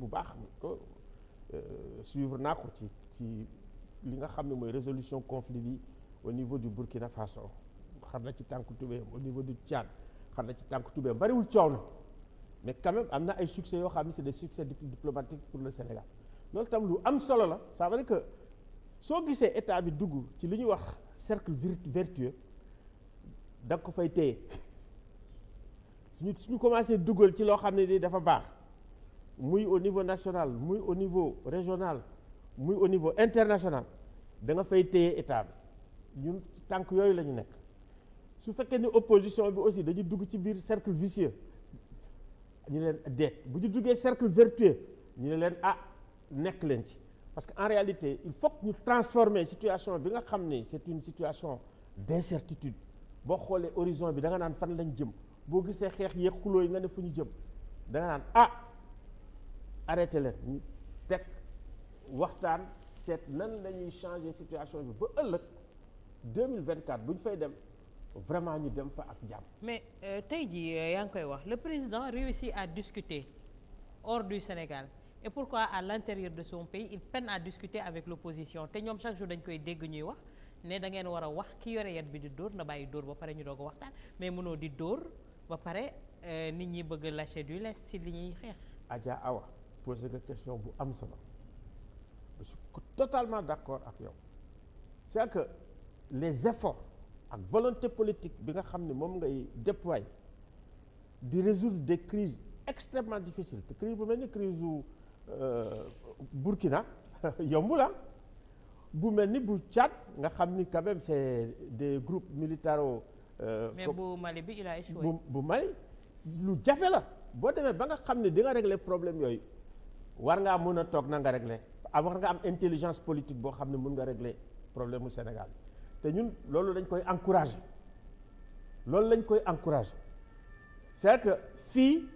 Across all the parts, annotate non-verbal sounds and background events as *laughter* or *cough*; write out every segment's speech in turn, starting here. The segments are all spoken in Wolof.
bu baax ko euh, suivre naa ko ci ci li nga xam ne mooy résolution conflit bi au niveau du Burkina Faso xar na ci tànk tubéyam au niveau du Tchad xar na ci tànk tubéyam bariwul coow na mais quand am na ay succès yoo xam ne c'est des succès diplomatiques pour le Sénégal loolu tam lu am solo la ça veut que soo gisee état bi dugg ci li ñuy wax cercle vertueux da nga ko fay téye *laughs* suñu suñu commencé dugal ci loo xam ne nii dafa baax muy au niveau national muy au niveau régional muy au niveau international da nga fay téye état bi ñun tànk yooyu lañu nekk su fekkee ni opposition bi aussi dañu dugg ci biir cercle vicieux ñu leen deet bu ñu duggee cercle vertueux ñu ne leen ah nekk leen ci parce que en réalité il faut ñu transformer situation bi nga xam ne c'est une situation d'incertitude boo xoolee horizon bi da nga naan fan lañ jëm boo gisee xeex yeeg xuloo yi nga ne fu ñu jëm da nga ah, arrêté leen teg waxtaan seet nan lañuy ñuy changer situation bi ba ëllëg 2024 bu ñu fay dem vraiment ñu dem fa ak jàmm. mais euh, tey jii euh, yaa ngi koy wax le président réussit à discuter hors du Sénégal et pourquoi à l'intérieur de son pays il peine à discuter avec l'opposition te ñoom chaque jour dañ koy dégg ñuy wax ne da ngeen war wax ki yore yat bi di dóor na bàyyi dóor ba pare ñu doog a waxtaan mais mënoo di dóor ba pare euh, nit ñi bëgg lâcher du lest ci li ñuy xeex. Adja Awa. posé nga question bu am solo je suis totalement d'accord ak yow c'est que les efforts ak volonté politique bi nga xam ne moom ngay déployer di résoudre des crises extrêmement difficiles te crise bu mel ni crise u euh, Burkina *laughs* yombul la ah. bu mel ni bu Tchad nga xam ni quand même c'est des groupe militaro Euh, mais bu Mali bi il bu Mali lu jafe la boo demee ba nga xam ne di nga régler problème yooyu war ngaa mun a toog na nga régler ah, war nga am intelligence politique boo xam ne mun nga régler problème mu Sénégal te ñun loolu dañ koy encourager loolu lañ koy encourager c'est que fii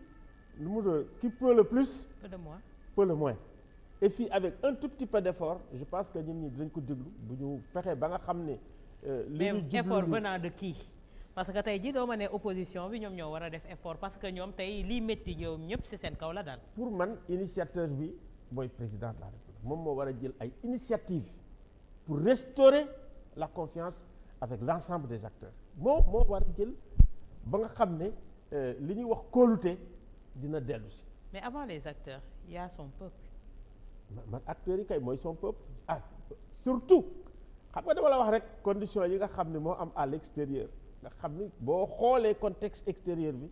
lu mu doon qui le plus. peu le le moins. et fii avec un tout petit je pense que ñun ñi dinañ ko déglu bu ñu fexee ba nga xam ne. Euh, li ñu jublu effort venant de kii parce que tey ji doo ma ne opposition bi ñoom ñoo war a def effort parce que ñoom tey lii métti ñoom ñëpp ci seen kaw la daal. pour man initiateur bi mooy président de la République moom moo war a jël ay initiative pour restaurer la confiance avec l'ensemble des acteurs moom moo war a jël ba nga xam ne euh, li ñuy wax kóolute dina dellu si. mais avant les acteurs il y peuple. man acteurs yi kay mooy son peuple ah, surtout xam nga dama la wax rek conditions yi nga xam ne moo am à l'extérieur. nga xam ni boo xoolee contexte extérieur bi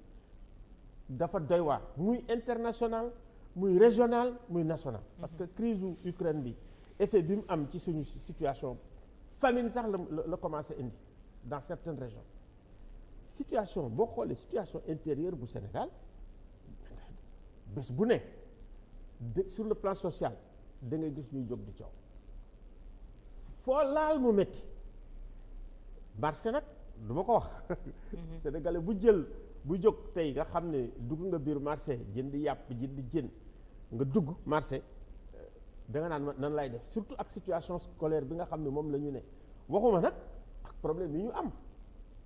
dafa doy waar muy international muy régional muy national mm-hmm. parce que crise u Ukraine bi effet bi mu am ci suñu situation famine sax la la commencé indi dans certaines régions situation boo xoolee situation intérieure bu Sénégal bés bu ne sur le plan social da ngay gis ñuy jóg di coow foo laal mu métti marché nag du ma ko wax mhm. sénégalais bu jël bu jóg tey nga xam ne dugg nga biir marché jënd yàpp jënd jën nga dugg marché euh, da naan ma nan lay def surtout ak situation scolaire bi nga xam ne moom la ñu ne waxuma nag ak problème yi ñu am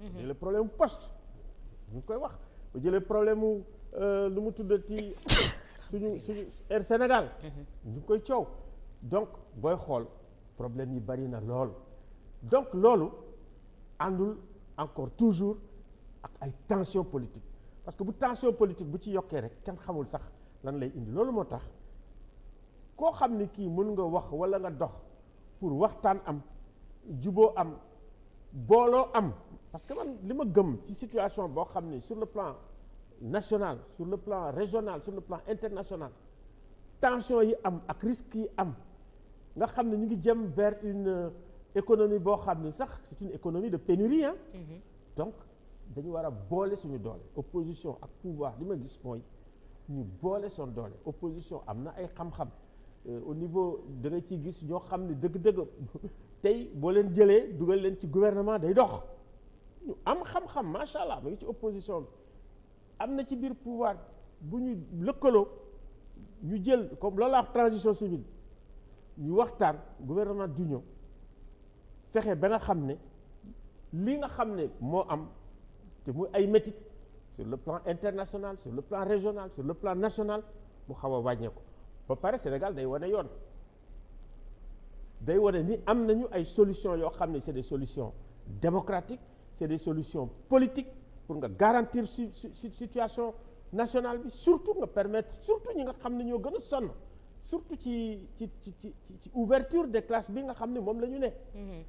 mhm. jële problème poste ñu ngi koy wax bu jëlee problème mu lu euh, mu tuddati *coughs* suñu suñu Air Sénégal mhm. ñu koy coow donc booy xool problème yi bari na lool donc loolu àndul encore toujours ak ay tension politique parce que bu tension politique bu ci yokkee rek kenn xamul sax lan lay indi loolu moo tax koo xam ni kii mën nga wax walla nga dox pour waxtaan am juboo am booloo am parce que man li ma gëm ci situation boo xam ni sur le plan national sur le plan régional sur le plan international tension yi am ak risque yi am nga xam ne ñu ngi jëm vert une économie boo xam ni sax c'est une économie de pénurie mhm. donc dañu war a boole suñu doole opposition ak pouvoir li ma gis mooy ñu boole soon doole opposition am na ay xam-xam euh, au niveau da ci gis ñoo xam ne dëgg-dëgg *laughs* tey boo leen jëlee dugal leen ci gouvernement day dox ñu am xam-xam macha allah mu ngi ci opposition am na ci biir pouvoir bu ñu lëkkaloo ñu jël comme loolu la wax transition civile ñu waxtaan gouvernement du ñëw fexe ba nga xam ne li nga xam ne moo am te mu ay métit sur le plan international sur le plan régional sur le plan national mu xaw a wàññeeku ba pare Sénégal day wane yoon day wane ni am nañu ay solutions yoo xam ne c'est des solutions démocratiques c'est des solutions politiques pour nga garantir si situation national bi surtout nga permettre surtout ñi nga xam ne ñoo gën a sonn surtout ci ci ci ci ci ouverture des classes bi nga xam ne moom la ñu ne mm-hmm.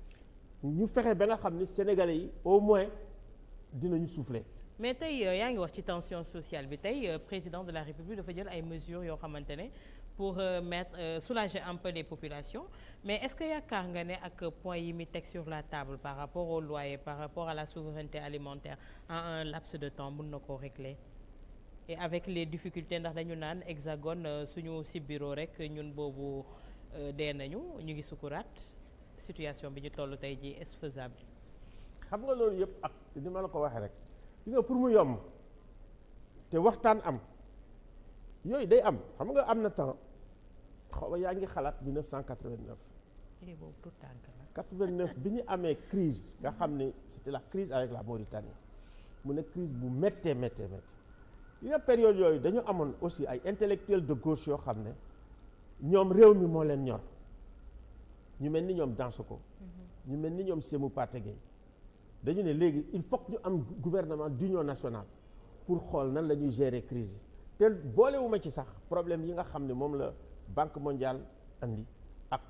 ñu fexe ba nga xam ni sénégalais yi au moins dinañu souffler. mais tey euh, yaa ngi wax ci tension sociale bi tey euh, président de la république dafa jël ay mesures yoo xamante ne pour euh, mettre soulager un peu population mais est-ce que yaakaar nga ne ak point yi mi teg sur la table par rapport au loyer par rapport à la souveraineté alimentaire en un laps de temps mën na koo régler et avec les difficultés ndax dañu naan hexagone suñu si bureau rek ñun boobu dee nañu ñu ngi sukuraat situation bi ñu toll tey ji est-ce xam nga loolu yëpp ak ni ma la ko waxee rek gis pour mu yomb te waxtaan am yooyu day am xam nga am na temps xaw yaa ngi xalaat 1989. eh boobu bi ñu amee crise nga xam ne c'était la crise avec la Mauritanie mu ne crise bu méttee méttee méttee yenn période yooyu dañu amoon aussi ay intellectuels de gauche yoo xam ne ñoom réew mi moo leen ñor. ñu mel ni ñoom ko ñu mel ni ñoom Sémou Pathé Gueye dañu ne léegi il faut ñu am gouvernement d'union nationale pour xool nan la ñuy gérer crise yi te boolewuma ci sax problème yi nga xam ne moom la banque mondiale andi ak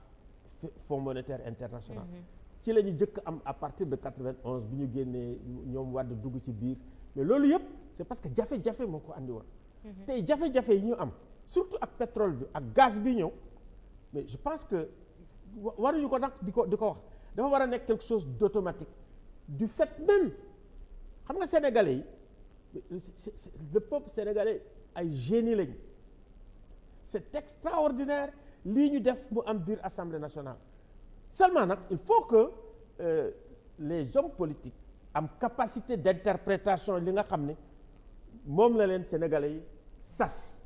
fonds monétaire international mhm. ci la ñu jëkk am à partir de 91 bi ñu génnee ñoom wàdd dugg ci biir mais loolu yëpp c'est parce que jafe-jafe moo ko indi woon mhm. tey jafe-jafe yi ñu am surtout ak pétrole bi ak gaz bi ñëw mais je que waruñu ko nag di ko di ko wax dafa war a nekk quelque chose d'automatique du fait même xam nga sénégalais yi le peuple sénégalais ay génie lañu c'est extraordinaire lii ñu def mu am biir assemblée nationale seulement nag il faut que euh, les hommes politiques am capacité d'interprétation li nga xam ne moom la leen sénégalais yi sas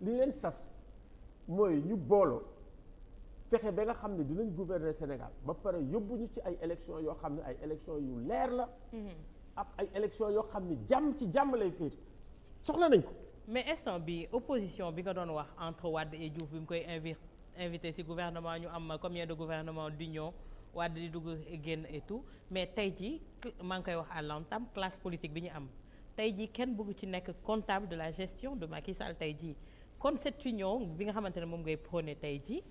li leen sas mooy ñu booloo fexe ba nga xam ne dinañ gouverner Sénégal ba pare yóbbu ñu ci ay élections yoo xam ne ay élections yu leer la. Mhm. ab ay élections yoo xam ne jàmm ci jàmm lay féete soxla nañ ko. mais instant bi opposition bi nga doon wax entre Wade et Diouf bi mu koy invité invité ci gouvernement ñu am ma combien de gouvernement d'union Wade di dugg génn et mais tey ji maa ngi koy wax à l'entame classe politique bi ñu am tey jii kenn bëgg ci nekk comptable de la gestion de Macky Sall tey jii kon cette union bi nga xamante ne moom ngay prôné tey jii.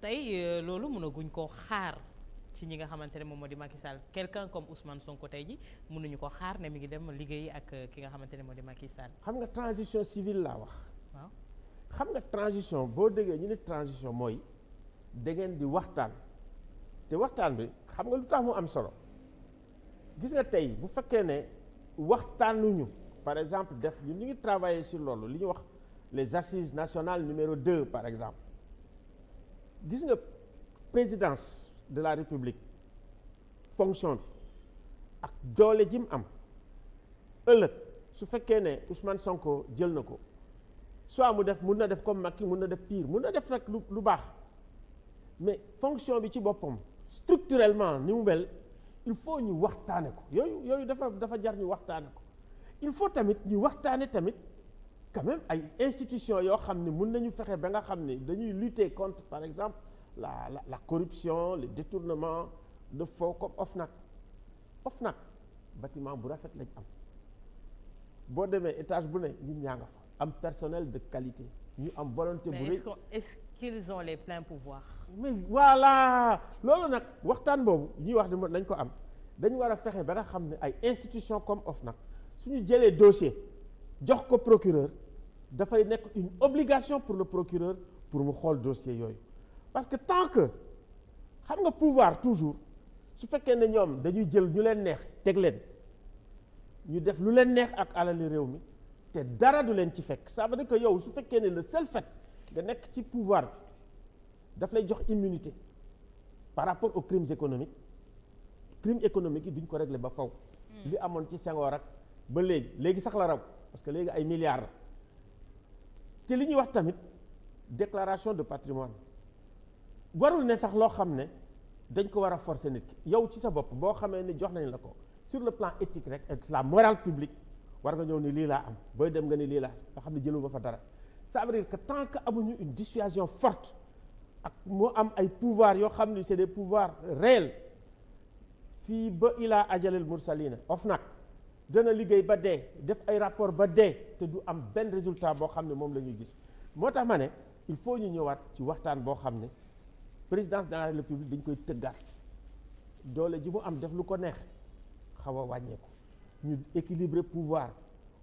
tey euh, loolu mënaguñ koo xaar ci ñi nga xamante ne moom moo di Macky Sall quelqu'un comme son ko tey ji nañu ko xaar ne mi ngi dem liggéey ak euh, ki nga xamante ne moo di Macky Sall. xam nga transition civile laa wax. waaw xam nga transition boo déggee ñu ne transition mooy da ngeen di waxtaan te waxtaan bi xam nga lu tax mu am solo gis nga tey bu fekkee ne waxtaanuñu par exemple def ñu ngi travailler sur loolu li ñu wax les assises nationales numéro 2 par exemple. gis nga présidence de la république fonction bi ak doole ji mu am ëllëg su fekkee ne usman Sonko jël na ko soit mu def mun na def comme ki mun na def pire mun na def nag lu lu baax mais fonction bi ci boppam structurellement ni mu mel il faut ñuy waxtaane ko yooyu yooyu dafa dafa jar ñu waxtaane ko il faut tamit ñuy waxtaane tamit quand même ay institutions yoo xam ne mun nañu fexe ba nga xam ne dañuy lutter contre par exemple la la la corruption le détournement de fonds comme OFNAC nag batiment bu rafet lañ am boo demee étage bu ne nit ñaa nga fa am personnel de qualité ñu am volonté bu rëy est-ce qu'ils ont les pleins pouvoirs mais voilà loolu nag waxtaan boobu ñuy wax ne nañ ko am dañu war a fexe ba nga xam ne ay institutions comme OFNAC suñu jëlee dossier jox ko procureur dafay nekk une obligation pour le procureur pour mu xool dossier yooyu parce que tant que xam nga pouvoir toujours su fekkee ne ñoom dañuy jël ñu leen neex teg leen ñu def lu leen neex ak alali réew mi te dara du leen ci fekk ça veut que yow su fekkee ne le seul fait nga nekk ci pouvoir bi daf lay jox immunité par rapport aux crimes économiques crimes économiques yi duñ ko régler ba faw li amoon ci Senghor ak ba léegi léegi sax la raw parce que léegi ay milliards la te li ñuy wax tamit déclaration de patrimoine warul ne sax loo xam ne dañ ko war a forcer nit ki yow ci sa bopp boo xamee ne jox nañ la ko sur le plan éthique rek et la morale publique war nga ñëw ni lii laa am booy dem nga ni lii laa nga xam ne jëlu fa dara ça veut dire que tant que amuñu une dissuasion forte ak moo am ay pouvoir yoo xam ne c'est des pouvoirs réels fii ba ilaa ajalel mursalina of nag dana liggéey ba dee def ay rapport ba dee te du am benn résultat boo xam ne moom la ñuy gis moo tax ma ne il faut ñu ñëwaat ci waxtaan boo xam ne présidence de la république dañ koy tëggaat doole ji mu am def lu ko neex xaw a wàññeeku ñu équilibrer pouvoir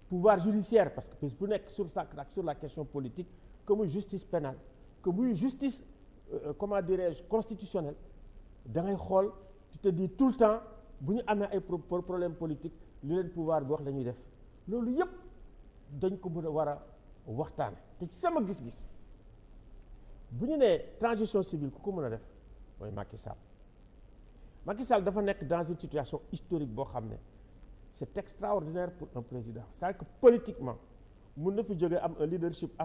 pouvoir judiciaire parce que bés bu nekk sur sa sur la question politique que muy justice pénale que muy justice euh, comment dirais-je constitutionnelle da ngay xool tu te dis tout le temps bu ñu amee ay problème politique lu leen pouvoir bi wax la def loolu yëpp dañ ko mën a war a waxtaan te ci sama gis-gis bu ñu nee transition civile ku ko mën a def mooy Macky Sall Macky Sall dafa nekk dans une situation historique boo xam ne c'est extraordinaire pour un président c'est-à-dire que politiquement mun na fi jógee am un leadership